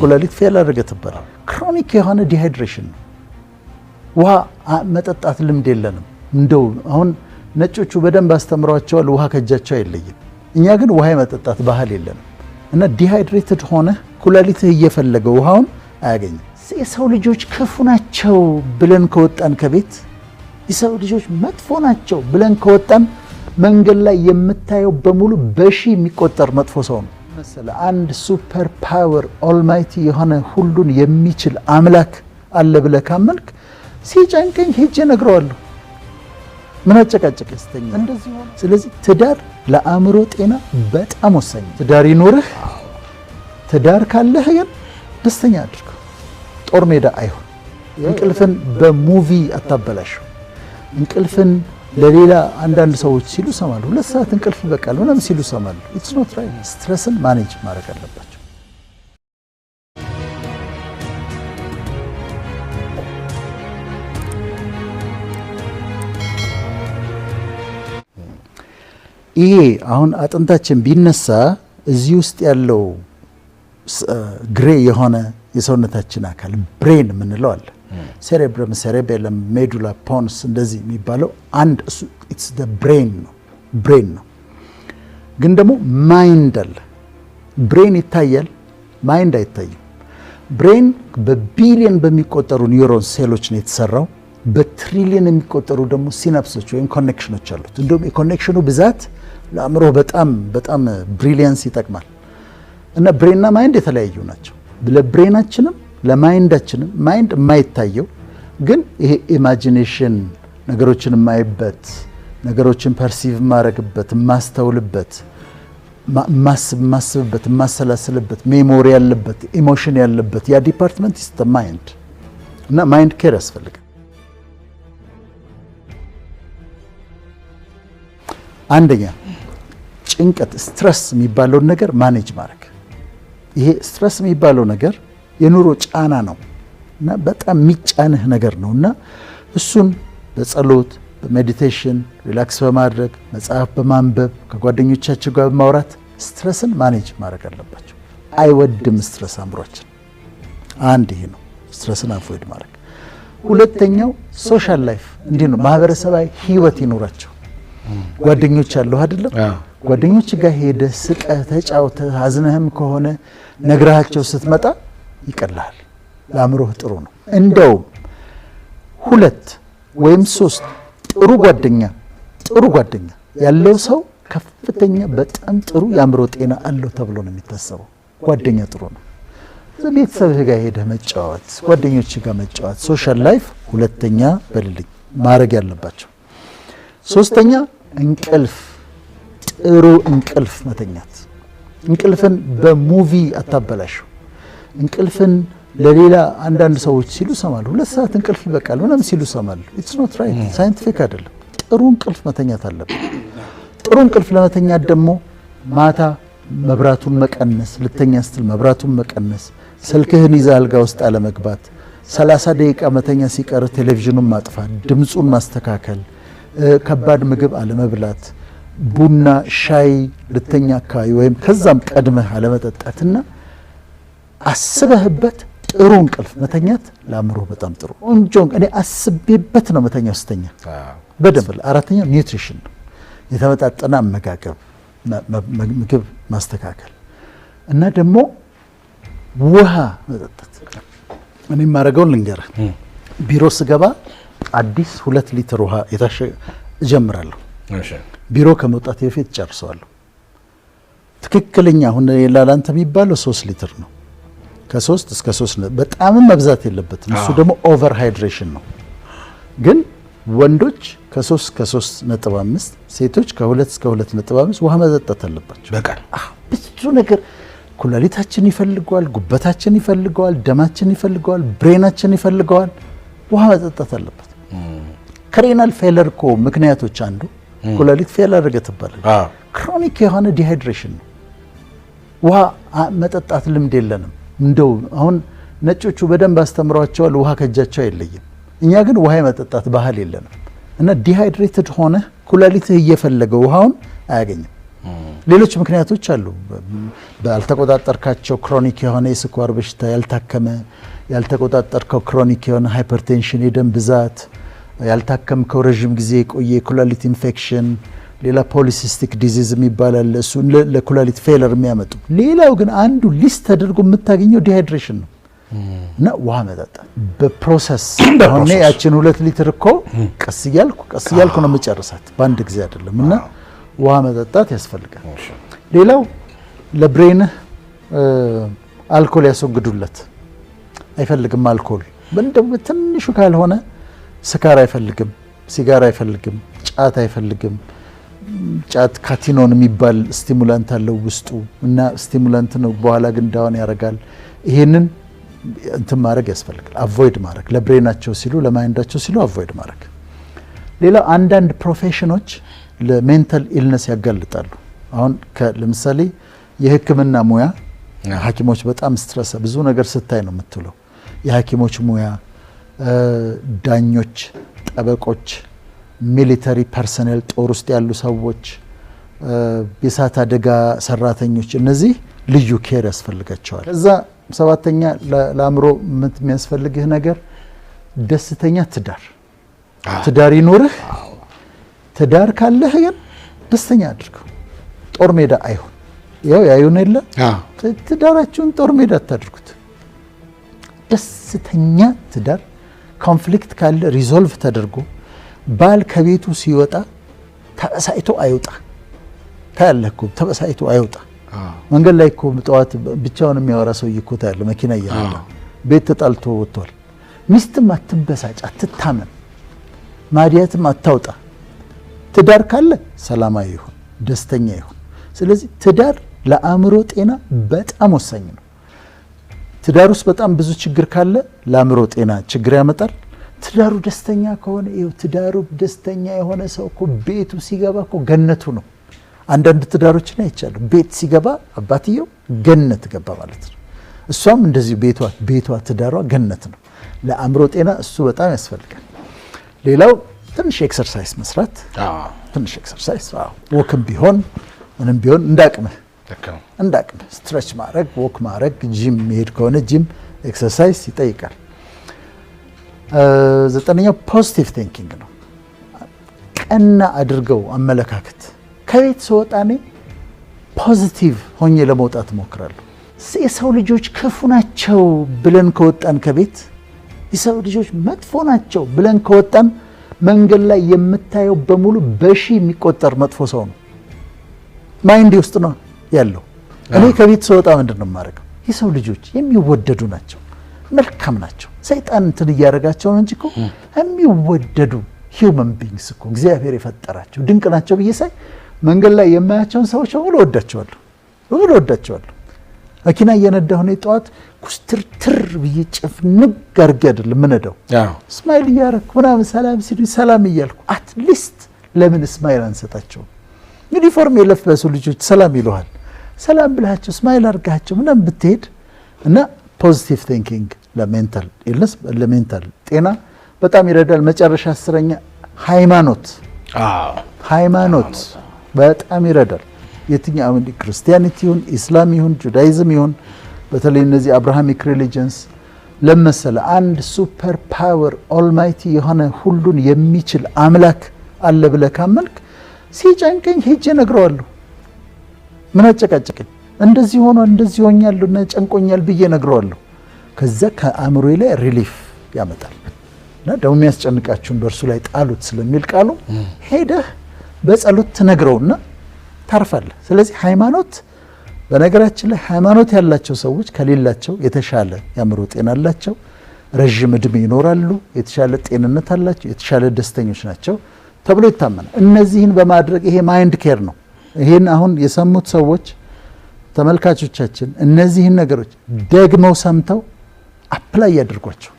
ኩላሊት ፌል አደረገ ትባላል። ክሮኒክ የሆነ ዲሃይድሬሽን ነው። ውሃ መጠጣት ልምድ የለንም። እንደው አሁን ነጮቹ በደንብ አስተምሯቸዋል፣ ውሃ ከእጃቸው አይለይም። እኛ ግን ውሃ የመጠጣት ባህል የለንም እና ዲሃይድሬትድ ሆነህ ኩላሊትህ እየፈለገ ውሃውን አያገኝም። የሰው ልጆች ክፉ ናቸው ብለን ከወጣን ከቤት የሰው ልጆች መጥፎ ናቸው ብለን ከወጣን መንገድ ላይ የምታየው በሙሉ በሺ የሚቆጠር መጥፎ ሰው ነው። መሰለ አንድ ሱፐር ፓወር ኦልማይቲ የሆነ ሁሉን የሚችል አምላክ አለ ብለ ካመንክ ሲጨንቀኝ ሄጄ ነግረዋለሁ። ምን አጨቃጨቅ ያስተኛ። ስለዚህ ትዳር ለአእምሮ ጤና በጣም ወሳኝ። ትዳር ይኖርህ። ትዳር ካለህ ግን ደስተኛ አድርገው። ጦር ሜዳ አይሆን። እንቅልፍን በሙቪ አታበላሽው እንቅልፍን ለሌላ አንዳንድ ሰዎች ሲሉ ሰማሉ። ሁለት ሰዓት እንቅልፍ ይበቃል ምናምን ሲሉ ሰማሉ። ኢትስ ኖት ራይት። ስትረስን ማኔጅ ማድረግ አለባቸው። ይሄ አሁን አጥንታችን ቢነሳ እዚህ ውስጥ ያለው ግሬ የሆነ የሰውነታችን አካል ብሬን የምንለው አለ ሴሬብረም፣ ሴሬቤለም፣ ሜዱላ፣ ፖንስ እንደዚህ የሚባለው አንድ እሱ ኢትስ ደ ብሬን ነው ብሬን ነው። ግን ደግሞ ማይንድ አለ። ብሬን ይታያል፣ ማይንድ አይታይም። ብሬን በቢሊየን በሚቆጠሩ ኒውሮን ሴሎች ነው የተሰራው። በትሪሊየን የሚቆጠሩ ደግሞ ሲናፕሶች ወይም ኮኔክሽኖች አሉት። እንዲሁም የኮኔክሽኑ ብዛት ለአእምሮ በጣም በጣም ብሪሊየንስ ይጠቅማል። እና ብሬንና ማይንድ የተለያዩ ናቸው። ለብሬናችንም ለማይንዳችንም ማይንድ የማይታየው ግን ይሄ ኢማጂኔሽን ነገሮችን የማይበት ነገሮችን ፐርሲቭ የማረግበት የማስተውልበት ማስብበት የማሰላስልበት ሜሞሪ ያለበት ኢሞሽን ያለበት ያ ዲፓርትመንት ስተ ማይንድ እና ማይንድ ኬር ያስፈልጋል። አንደኛ ጭንቀት ስትረስ የሚባለውን ነገር ማኔጅ ማድረግ። ይሄ ስትረስ የሚባለው ነገር የኑሮ ጫና ነው እና በጣም የሚጫንህ ነገር ነው እና እሱን በጸሎት በሜዲቴሽን ሪላክስ በማድረግ መጽሐፍ በማንበብ ከጓደኞቻቸው ጋር በማውራት ስትረስን ማኔጅ ማድረግ አለባቸው። አይወድም ስትረስ አእምሯችን። አንድ ይሄ ነው ስትረስን አቮይድ ማድረግ። ሁለተኛው ሶሻል ላይፍ እንዲህ ነው። ማህበረሰባዊ ህይወት ይኖራቸው። ጓደኞች አለሁ አይደለም? ጓደኞች ጋር ሄደህ ስቀህ ተጫውተህ አዝነህም ከሆነ ነግራቸው ስትመጣ ይቀላል ለአእምሮህ ጥሩ ነው። እንደውም ሁለት ወይም ሶስት ጥሩ ጓደኛ ጥሩ ጓደኛ ያለው ሰው ከፍተኛ በጣም ጥሩ የአእምሮ ጤና አለው ተብሎ ነው የሚታሰበው። ጓደኛ ጥሩ ነው። ቤተሰብህ ጋር ሄደህ መጫወት፣ ጓደኞች ጋር መጫወት፣ ሶሻል ላይፍ ሁለተኛ በልልኝ ማድረግ ያለባቸው። ሶስተኛ እንቅልፍ፣ ጥሩ እንቅልፍ መተኛት። እንቅልፍን በሙቪ አታበላሽው። እንቅልፍን ለሌላ አንዳንድ ሰዎች ሲሉ ሰማሉ። ሁለት ሰዓት እንቅልፍ ይበቃል ምናምን ሲሉ ሰማሉ። ኢትስ ኖት ራይት፣ ሳይንቲፊክ አይደለም። ጥሩ እንቅልፍ መተኛት አለብን። ጥሩ እንቅልፍ ለመተኛት ደግሞ ማታ መብራቱን መቀነስ፣ ልተኛ ስትል መብራቱን መቀነስ፣ ስልክህን ይዘህ አልጋ ውስጥ አለመግባት፣ ሰላሳ ደቂቃ መተኛ ሲቀር ቴሌቪዥኑን ማጥፋት፣ ድምፁን ማስተካከል፣ ከባድ ምግብ አለመብላት፣ ቡና ሻይ ልተኛ አካባቢ ወይም ከዛም ቀድመህ አለመጠጣትና አስበህበት ጥሩ እንቅልፍ መተኛት ለአእምሮ በጣም ጥሩ ቆንጆ። እኔ አስቤበት ነው መተኛ ስተኛ በደንብ አራተኛው ኒውትሪሽን ነው፣ የተመጣጠነ አመጋገብ፣ ምግብ ማስተካከል እና ደግሞ ውሃ መጠጣት። እኔ የማደርገውን ልንገርህ፣ ቢሮ ስገባ አዲስ ሁለት ሊትር ውሃ የታሸ እጀምራለሁ። ቢሮ ከመውጣት በፊት ጨርሰዋለሁ። ትክክለኛ አሁን ላላንተ የሚባለው ሶስት ሊትር ነው ከሶስት እስከ ሶስት በጣምም መብዛት የለበትም። እሱ ደግሞ ኦቨር ሃይድሬሽን ነው። ግን ወንዶች ከሶስት እስከ ሶስት ነጥብ አምስት ሴቶች ከሁለት እስከ ሁለት ነጥብ አምስት ውሃ መጠጣት አለባቸው። በቃ ብዙ ነገር ኩላሊታችን ይፈልገዋል፣ ጉበታችን ይፈልገዋል፣ ደማችን ይፈልገዋል፣ ብሬናችን ይፈልገዋል። ውሃ መጠጣት አለበት። ከሬናል ፌለር እኮ ምክንያቶች አንዱ ኩላሊት ፌል አደረገ ትባላለች። ክሮኒክ የሆነ ዲሃይድሬሽን ነው። ውሃ መጠጣት ልምድ የለንም። እንደው አሁን ነጮቹ በደንብ አስተምሯቸዋል። ውሃ ከእጃቸው አይለይም። እኛ ግን ውሃ የመጠጣት ባህል የለንም እና ዲሃይድሬትድ ሆነ ኩላሊትህ እየፈለገ ውሃውን አያገኝም። ሌሎች ምክንያቶች አሉ። ያልተቆጣጠርካቸው ክሮኒክ የሆነ የስኳር በሽታ ያልታከመ፣ ያልተቆጣጠርከው ክሮኒክ የሆነ ሃይፐርቴንሽን የደም ብዛት፣ ያልታከምከው ረዥም ጊዜ የቆየ የኩላሊት ኢንፌክሽን ሌላ ፖሊሲስቲክ ዲዚዝ የሚባላል እሱ ለኩላሊት ፌለር የሚያመጡ ሌላው ግን አንዱ ሊስት ተደርጎ የምታገኘው ዲሃይድሬሽን ነው እና ውሃ መጠጣት በፕሮሰስ አሁን ያችን ሁለት ሊትር እኮ ቀስ እያልኩ ቀስ እያልኩ ነው የምጨርሳት በአንድ ጊዜ አይደለም እና ውሃ መጠጣት ያስፈልጋል ሌላው ለብሬንህ አልኮል ያስወግዱለት አይፈልግም አልኮል እንደው ትንሹ ካልሆነ ስካር አይፈልግም ሲጋር አይፈልግም ጫት አይፈልግም ጫት ካቲኖን የሚባል ስቲሙላንት አለው ውስጡ እና ስቲሙላንት ነው። በኋላ ግን ዳውን ያደርጋል። ይሄንን እንትን ማድረግ ያስፈልጋል። አቮይድ ማድረግ ለብሬናቸው ሲሉ ለማይንዳቸው ሲሉ አቮይድ ማድረግ። ሌላ አንዳንድ ፕሮፌሽኖች ለሜንታል ኢልነስ ያጋልጣሉ። አሁን ለምሳሌ የህክምና ሙያ ሐኪሞች በጣም ስትረሰ ብዙ ነገር ስታይ ነው የምትለው። የሐኪሞች ሙያ ዳኞች፣ ጠበቆች ሚሊተሪ ፐርሰነል ጦር ውስጥ ያሉ ሰዎች፣ የእሳት አደጋ ሰራተኞች እነዚህ ልዩ ኬር ያስፈልጋቸዋል። እዛ ሰባተኛ ለአእምሮ የሚያስፈልግህ ነገር ደስተኛ ትዳር ትዳር ይኖርህ። ትዳር ካለህ ግን ደስተኛ አድርገው። ጦር ሜዳ አይሆን ያው ያዩን የለ ትዳራችሁን ጦር ሜዳ አታድርጉት። ደስተኛ ትዳር ኮንፍሊክት ካለ ሪዞልቭ ተደርጎ ባል ከቤቱ ሲወጣ ተበሳይቶ አይወጣ። ታያለህ እኮ ተበሳይቶ አይወጣ። መንገድ ላይ እኮ ጠዋት ብቻውን የሚያወራ ሰውዬ እኮ ታያለህ። መኪና እያለ ቤት ተጣልቶ ወጥቷል። ሚስትም አትበሳጭ፣ አትታመም፣ ማዲያትም አታውጣ። ትዳር ካለ ሰላማዊ ይሁን፣ ደስተኛ ይሁን። ስለዚህ ትዳር ለአእምሮ ጤና በጣም ወሳኝ ነው። ትዳር ውስጥ በጣም ብዙ ችግር ካለ ለአእምሮ ጤና ችግር ያመጣል። ትዳሩ ደስተኛ ከሆነ ይኸው ትዳሩ ደስተኛ የሆነ ሰው እኮ ቤቱ ሲገባ እኮ ገነቱ ነው። አንዳንድ ትዳሮችን አይቻሉ ቤት ሲገባ አባትየው ገነት ገባ ማለት ነው። እሷም እንደዚሁ ቤቷ ቤቷ ትዳሯ ገነት ነው። ለአእምሮ ጤና እሱ በጣም ያስፈልጋል። ሌላው ትንሽ ኤክሰርሳይዝ መስራት፣ ትንሽ ኤክሰርሳይዝ ወክም ቢሆን ምንም ቢሆን እንዳቅምህ እንዳቅምህ ስትረች ማድረግ፣ ወክ ማድረግ፣ ጂም መሄድ ከሆነ ጂም ኤክሰርሳይዝ ይጠይቃል። ዘጠነኛው ፖዚቲቭ ቲንኪንግ ነው። ቀና አድርገው አመለካከት። ከቤት ስወጣ እኔ ፖዚቲቭ ሆኜ ለመውጣት እሞክራለሁ። የሰው ልጆች ክፉ ናቸው ብለን ከወጣን ከቤት የሰው ልጆች መጥፎ ናቸው ብለን ከወጣን መንገድ ላይ የምታየው በሙሉ በሺ የሚቆጠር መጥፎ ሰው ነው። ማይንድ ውስጥ ነው ያለው። እኔ ከቤት ስወጣ ምንድን ነው የማደርገው? የሰው ልጆች የሚወደዱ ናቸው መልካም ናቸው። ሰይጣን እንትን እያደረጋቸው ነው እንጂ እኮ የሚወደዱ ሂውመን ቢንግስ እኮ እግዚአብሔር የፈጠራቸው ድንቅ ናቸው ብዬ ሳይ መንገድ ላይ የማያቸውን ሰዎች በሙሉ ወዳቸዋለሁ፣ በሙሉ ወዳቸዋለሁ። መኪና እየነዳ እኔ ጠዋት ኩስትርትር ብዬ ጭፍንግ አድርጌ አይደል የምነዳው፣ እስማኤል እያደረኩ ምናምን ሰላም ሲሉኝ ሰላም እያልኩ አትሊስት ለምን እስማኤል አንሰጣቸውም? ዩኒፎርም የለበሱ ልጆች ሰላም ይለሃል። ሰላም ብልሃቸው እስማኤል አድርጋቸው ምናምን ብትሄድ እና ፖዚቲቭ ቲንኪንግ ለሜንታል ኢልነስ ለሜንታል ጤና በጣም ይረዳል። መጨረሻ አስረኛ ሃይማኖት፣ ሃይማኖት በጣም ይረዳል። የትኛው ክርስቲያኒቲ ይሁን ኢስላም ይሁን ጁዳይዝም ይሁን በተለይ እነዚህ አብርሃሚክ ሪሊጅንስ ለመሰለ አንድ ሱፐር ፓወር ኦልማይቲ የሆነ ሁሉን የሚችል አምላክ አለ ብለህ ካመልክ ሲጨንቀኝ ሄጄ እነግረዋለሁ። ምን አጨቃጨቀኝ? እንደዚህ ሆኖ እንደዚህ ሆኛለሁ እና ጨንቆኛል ብዬ እነግረዋለሁ። ከዛ ከአእምሮዬ ላይ ሪሊፍ ያመጣል እና ደግሞ የሚያስጨንቃችሁን በእርሱ ላይ ጣሉት ስለሚል ቃሉ ሄደህ በጸሎት ትነግረውና ታርፋለህ። ስለዚህ ሃይማኖት በነገራችን ላይ ሃይማኖት ያላቸው ሰዎች ከሌላቸው የተሻለ የአእምሮ ጤና አላቸው፣ ረዥም እድሜ ይኖራሉ፣ የተሻለ ጤንነት አላቸው፣ የተሻለ ደስተኞች ናቸው ተብሎ ይታመናል። እነዚህን በማድረግ ይሄ ማይንድ ኬር ነው። ይህን አሁን የሰሙት ሰዎች ተመልካቾቻችን እነዚህን ነገሮች ደግመው ሰምተው ፕላይ ያድርጓቸው።